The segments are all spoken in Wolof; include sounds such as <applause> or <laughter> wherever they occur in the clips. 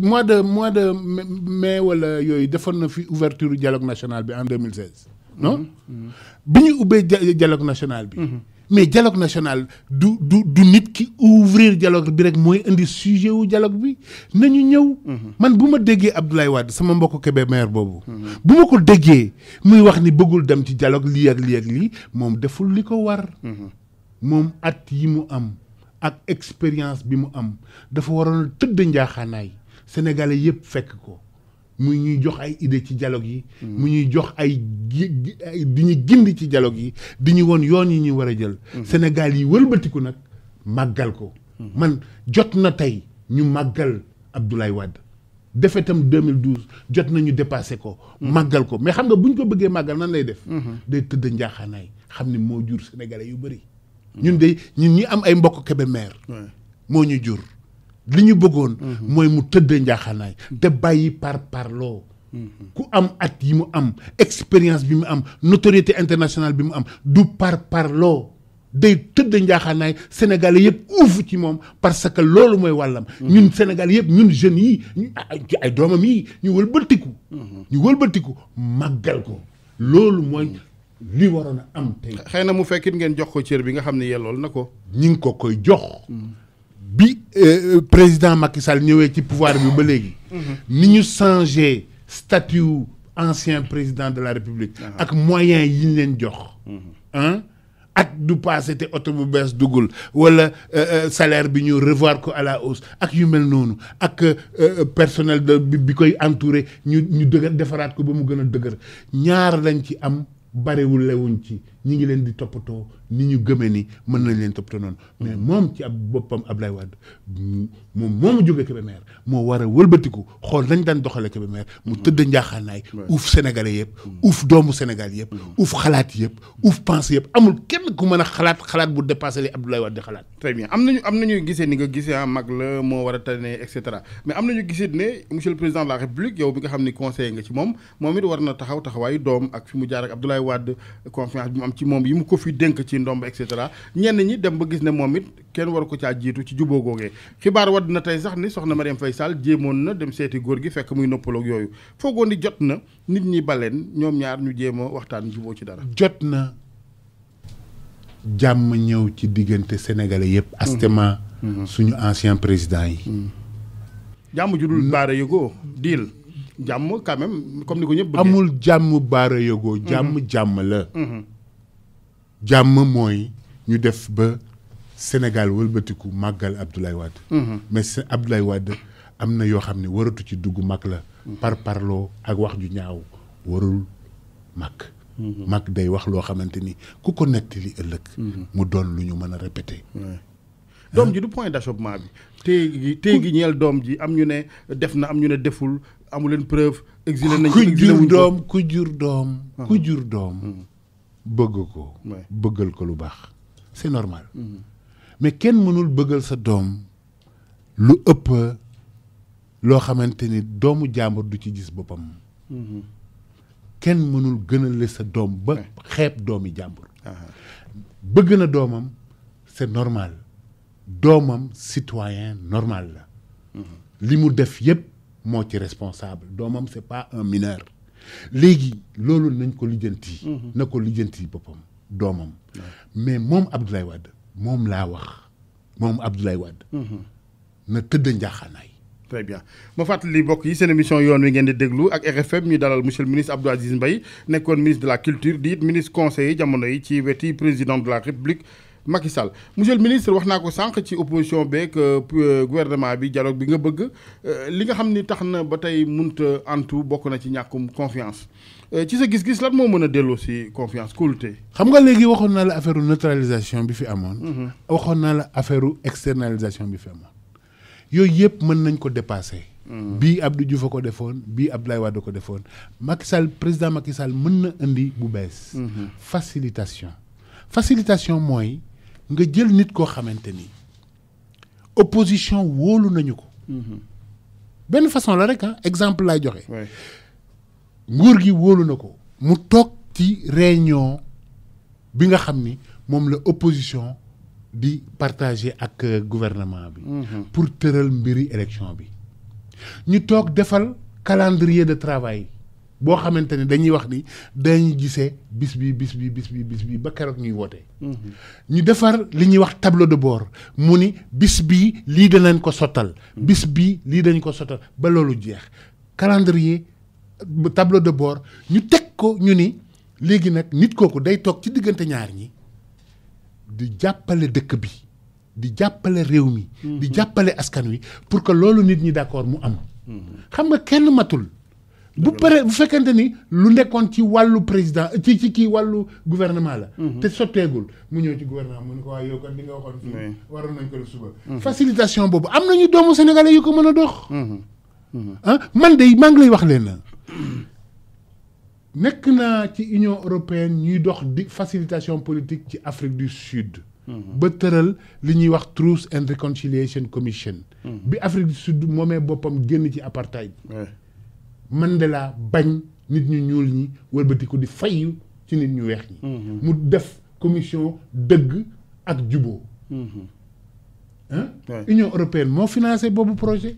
mois de mois de mai wala yoy defoon na fi ouverture dialogue national bi en 2016 non mhm, mhm. biñu ñu dialogue national bi mhm. mais dialogue national du du du nit ki ouvrir dialogue bi rek moy indi sujet wu dialogue bi nañu ñew man buma déggé déggee Abdoulaye Wade sama mbokk Kébé maire bobu buma ko déggé muy wax ni bëggul dem ci dialogue li ak li ak li mom deful liko war mom at yi mu am ak expérience bi mu am dafa waroon tëdd njaaxaanaay sénégalais yëpp fekk ko mu ñuy jox ay idée ci dialogue yi. Mm. mu ñuy jox ay di ñu gindi ci dialogue yi di ñu woon yoon yi ñuy war a jël. Mm-hmm. Sénégal yi wëlbatiku nag màggal ko. Mm-hmm. man jot na tey ñu màggal Abdoulaye wadd defetam 2012 jot nañu dépassé ko. maggal mm-hmm. ko mais xam nga bu ñu ko bëggee màggal nan lay def. day tëdd njaaxaanaay xam ne moo jur sénégalais yu bëri. ñun de ñun ñu am ay mbokk Kébémer moo ñu jur li ñu bëggoon mhm. mooy mu tëdd njaaxanaay mhm. te bàyyi par parloo mhm. ku am at yi mu am expérience bi mu am notoriété internationale bi mu am du par par loo day tëdd njaaxaanaay sénégalais yëpp uufu ci moom parce que loolu mooy wàllam ñun sénégalais yëpp ñun jeunes yi ah, ay doomam yi ñu wëlbatiku ñu wëlbatiku màggal ko loolu mooy li waroon a am tey. xëy na mu fekkit ngeen jox ko cër bi nga xam ne yellool na ko. ñi ngi ko koy jox. bi euh, euh, président Macky Sall ñëwee ci pouvoir bi ba léegi. Mhm. ni ñu changé statut ancien président de la république. Mhm. ak moyen yi ñu leen jox. ah mhm. hein? ak du passé te oto bu bees duggul wala euh, salaire bi ñu revoir ko à la hausse ak yu mel noonu ak personnel de bi koy entouré ñu ñu dëgër defaraat ko ba mu gën a dëgër ñaar lañ ci am. barewul lewuñ ci ñu ngi leen di toppatoo ni ñu gëmee ni mën nañ leen toppatoo noonu mais mm. moom ci ab boppam Ablaye Wade moom moomu jógee Kébémer moo war a xool nañ daan doxalee Kébémer mu mm. tëdd njaaxaanaay uuf sénégalais yëpp mm. uuf doomu Sénégal yëpp uuf xalaat yëpp uuf pensée yëpp kenn ku mën a xalaat xalaat bu dépassé li Abdoulaye Wade di xalaat très am nañu am nañu ni nga gisee ah mag moo war a tane et cetera mais am nañu gisee ne monsieur le président bi nga xam ni conseiller nga ci moom moom it war na taxaw taxawaayu doom ak fi mu jaar ak Abdoulaye Wade confiance bi mu am ci moom yi mu ko fi dénk ci ndomb et cetera ñenn ñi dem ba gis ne moom it kenn waru ko caa jiitu ci juboo googee xibaar wadd na tey sax ni soxna Marième fay saal jéemoon na dem seeti góor gi fekk muy noppaloog yooyu foogoon ni jot na nit ñi baleen ñoom ñaar ñu jéem a waxtaan juboo ci dara. jot na jàmm ñëw ci diggante sénégalais yëpp. astema mm-hmm. Mm-hmm. suñu ancien président yi. Mm-hmm. jàmm ju dul baara yëgoo diil. jàmm quand comme ni ko ñëpp bëggee amul jàmm baara yogoo jàmm jàmm jàmm mooy ñu def ba Sénégal wëlbatiku màggal Abdoulaye Wade. Mhm. mais sa Abdoulaye Wade am na yoo xam ne waratu ci dugg mag la. Mhm. par parloo ak wax ju ñaaw warul mag. Mhm. mag day wax loo xamante ni ku ko nekk li ëllëg. mu doon lu ñu mën a répété. doom ji du point d'achoppement bi. tey gi tey gi ñeel doom ji am ñu ne def na am ñu ne deful amu leen preuve. exilé nañu ku jur doom ku jur doom ku jur doom. bëgg ko. bëggal ko lu baax c'est normal. Mhm. mais kenn mënul bëggal sa doom lu ëpp loo xamante ni doomu jàmbur du ci gis boppam. Mhm. kenn mënul gënale sa doom ba xeeb doomi jàmbur. Ah, ah. bëgg na doomam c'est normal doomam citoyen normal la. Mhm. li mu def yépp moo ci responsable doomam c'est pas un mineur léegi loolu nagn ko lijjanti. Mhm. nako ko bopam domam mais mom Abdoulaye Wad, mom l'a wax moom Abdoulaye ne mhm. na tëdd njaaxaanaay. très bien ma fàttali bokk yi une émission yoon wi ngeen di déglu ak RFM ñu dalal monsieur le ministre Abdou Aziz Mbaye nekkoon ministre de la culture dit ministre conseiller jamono yi ci wéti président de la république. Macky monsieur le ministre wax ko ci opposition euh, gouvernement bi dialogue bi nga bëgg euh, li nga xamni taxna na ci confiance euh, ci sa gis-gis lan confiance la neutralisation bi fi mhm. la externalisation bi fi amoon yooyu yep meun nañ ko dépasser. Mhm. bi Abdou ko defone bi Abdoulaye Wade ko président mhm. facilitation facilitation mooy nga jël nit koo opposition mhm. façon la rek ah, exemple lay joxe. nguur na réunion bi nga opposition di partager ak euh, gouvernement bi. Mhm. pour tëral mbiri élection bi. ñu toog defal calendrier de travail. boo xamante ne dañuy wax ni dañuy gisee bis bi bis bi bis bi bis bi ba keroog ñuy woote. Mhm. ñu defar li ñuy wax tableau de bor mu ni bis bi lii danañ ko sottal. Mhm. bis bi lii dañ ko sottal ba loolu jeex calendrier euh, tableau de bord ñu teg ko ñu ni léegi nag nit kooku day toog ci diggante ñaar ñi di jàppale dëkk bi di jàppale réew mi. di mhm. jàppale askan wi pour que loolu nit ñi d'accord mu am. xam nga kenn matul. Vous savez bu fekkente ni lu président ci gouvernement la. Mhm. te mu ci gouvernement mu ko ah, nga nañ facilitation a dox. Union européenne facilitation politique ci Afrique du Sud. Mhm. ba li Truth and Reconciliation Commission. Mhm. Afrique du Sud ci apartheid. Mandela bañ nit ñu ñuul ñi wëlbati ko di fay ci nit ñu mhm. mu def commission dëgg ak juboo mhm. hein? Union européenne moo financé boobu projet.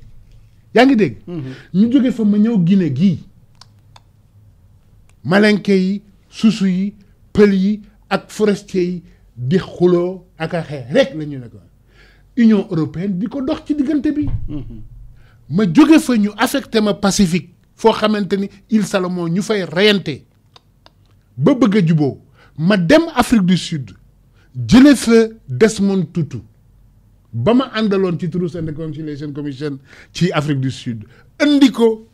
yaa ngi dégg. Mhm. ñu jóge fa ma ñëw yi ak forestier yi européenne dox ci fa affecté ma Pacifique fo xamanteni il il Salomon ñu fay reyante ba bëgg a ma dem Afrique du Sud jële fa Desmond Tutu ba ma àndaloon ci Truth and Reconciliation Commission ci Afrique du Sud Indiko ko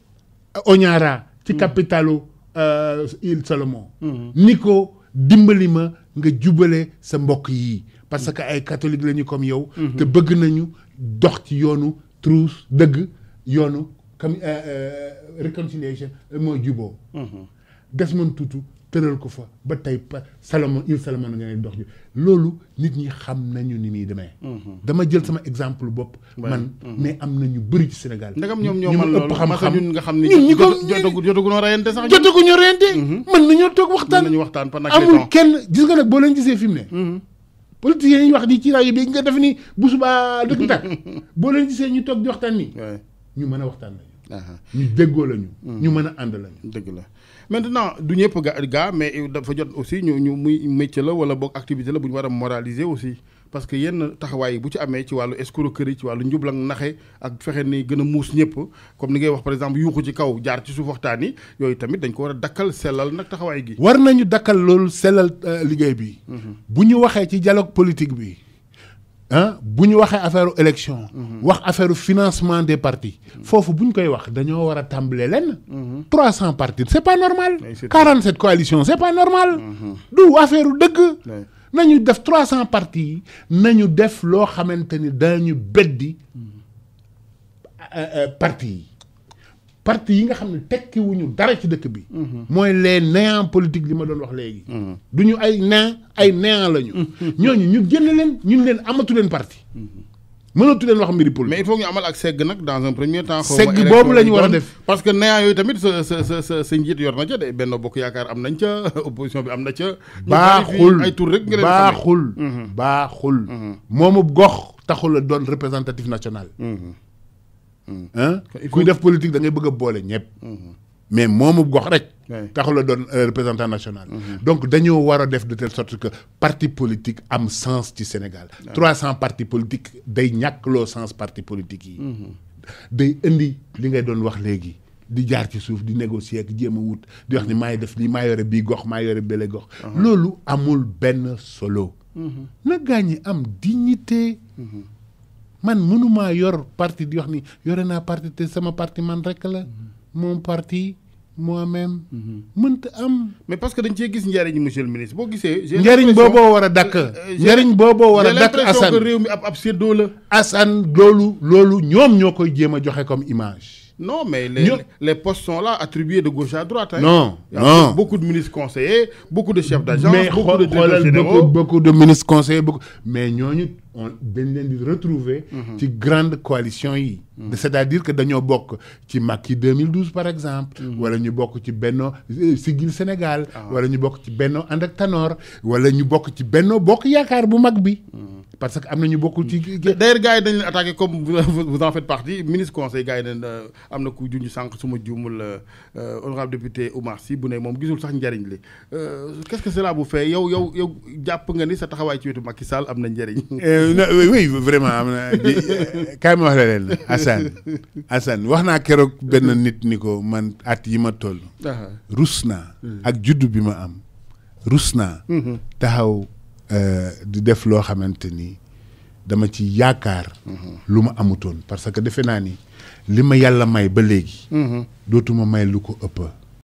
Oñara ci mm. capitalu il euh, Salomon mm-hmm. Niko ko dimbali ma nga jubale sa mbokk yi parce que ay catholique lañu comme yow mm-hmm. te bëgg nañu dox ci yoonu Truth dëgg yoonu comme euh, euh, réconciliation euh, mooy juboo mhm. Desmond Tutu tëral ko fa ba tey pa Salomon il Salomon nga ne dox ji loolu nit ñi xam nañu ni muy demee. Mhm. dama jël sama exemple bopp. man mhm. mais am na ñu bëri ci Sénégal. ndegam ñoom ñoo man loolu xam ñun nga xam ni. ñun ñi ko jotagu jotaguñoo reyante sax. jotaguñoo reyante. mën nañoo toog waxtaan mën nañu waxtaan amul kenn gis nga nag boo leen gisee fi mu ne. politiciens yi wax di ci rajo bi nga def ni bu subaa dëkk tak <laughs> boo leen gisee ñu toog di waxtaan nii. ñu mën a waxtaan ñu déggoo lañu hmm. ñu mën a ànd lañu dëgg la maintenant du ñëpp ga gaa mais dafa jot aussi ñu ñu muy métier la wala boog activité la bu ñu war a moraliser aussi parce que yenn taxawaay yi bu ci amee ci wàllu escroquerie ci wàllu njublang naxe ak fexe ni gën a muus ñëpp comme ni ngay wax par exemple yuuxu ci kaw jaar ci suuf waxtaan yi yooyu tamit dañ ko war a dakkal sellal nag taxawaay gi war nañu dakkal loolu sellal euh, liggéey bi hmm. bu ñu waxee ci dialogue politique bi hein buñ waxé affaire élection mhm. financement des partis il mhm. faut fofu buñ koy wax 300 mhm. partis Ce n'est pas normal 47 coalitions n'est pas normal mm -hmm. dou nous deug 300 partis nous def lo xamanteni dañu beddi euh, euh, partis parti yi nga xam tekki wuñu dara ci dëkk bi. moy les néants politique li ma doon wax légui duñu ay néant ay néant lañu. ñooñu ñu génn leen ñun leen amatu leen parti. mënatu leen wax mbiri politique. mais il faut ñu amal ak ségg nak dans un premier temps. segg boobu la ñu war def parce que néant yooyu tamit ce ce ce ce sa njiit yor na ca de benn bokk yaakar am nañ ca <laughs> opposition bi am na ca. baaxul ay tur rek nga baaxul baaxul. momu mhm. gox taxul doon représentatif national. Mhm vous hein? kuy def politique da ngay bëgg boole mais gox rek. Euh, représentant national. Mhm. donc dañoo war a de telle sorte que parti politique am sens ci Sénégal. 300 partis politiques day ñàkkloo sens parti politique yi. Mhm. day indi li ngay doon wax di ci négocier ak di wax ni def gox gox. Uh-huh. solo. Mhm. na dignité. man mënumaa yor parti di wax ni yore naa parti te sama parti man rek la mhm. moom parti moi-même mhm. mënta am mais parce que dañ cee gis njariñ monsieur le ministre boo gisee euh, euh, njariñ booboo war a dakk njariñ booboo war a dakk Assane réew mi ab ab séddoo la Assane loolu loolu ñoom ñoo koy jéem a joxe comme image Non, mais les, les, postes sont là, attribués de gauche à droite. Hein. Non, Beaucoup de ministres conseillers, beaucoup de chefs d'agence, beaucoup de beaucoup, beaucoup, de ministres conseillers. Mais nous on a retrouvé une grande coalition. Mhm. C'est-à-dire que nous avons qui Maki 2012, par exemple, ou nous avons qui Benno euh, Sigil Sénégal, ou nous avons qui Benno Andak Tanor, ou nous avons qui Benno Bok Yakar Boumakbi. Mhm parce que amna ñu bokkul ci. Mm. d'ailleurs gars yi dañ leen attaquer comme vous en faites partie ministre conseil gars yi dañ euh, amna ku junj sank suma ma euh, euh, honorable député Oumar Sy bu ne moom gisul sax njariñ li qu'est-ce que cela vous fait yow yow yow jàpp nga ni sa taxaway ci wetu Macky Sall amna na njariñ. <laughs> oui vraiment amna kay ma wax la len Assane <laughs> Assane waxna naa ben nit ni ko man at yi ma toll. rus mm. ak juddu bima am Rusna naa. Mm-hmm. taxaw. Euh, di def loo xamante ni dama ci yaakaar. lu ma amutoon parce que defe naa ni li ma yàlla may ba léegi. Mhm. dootuma may lu ko ëpp.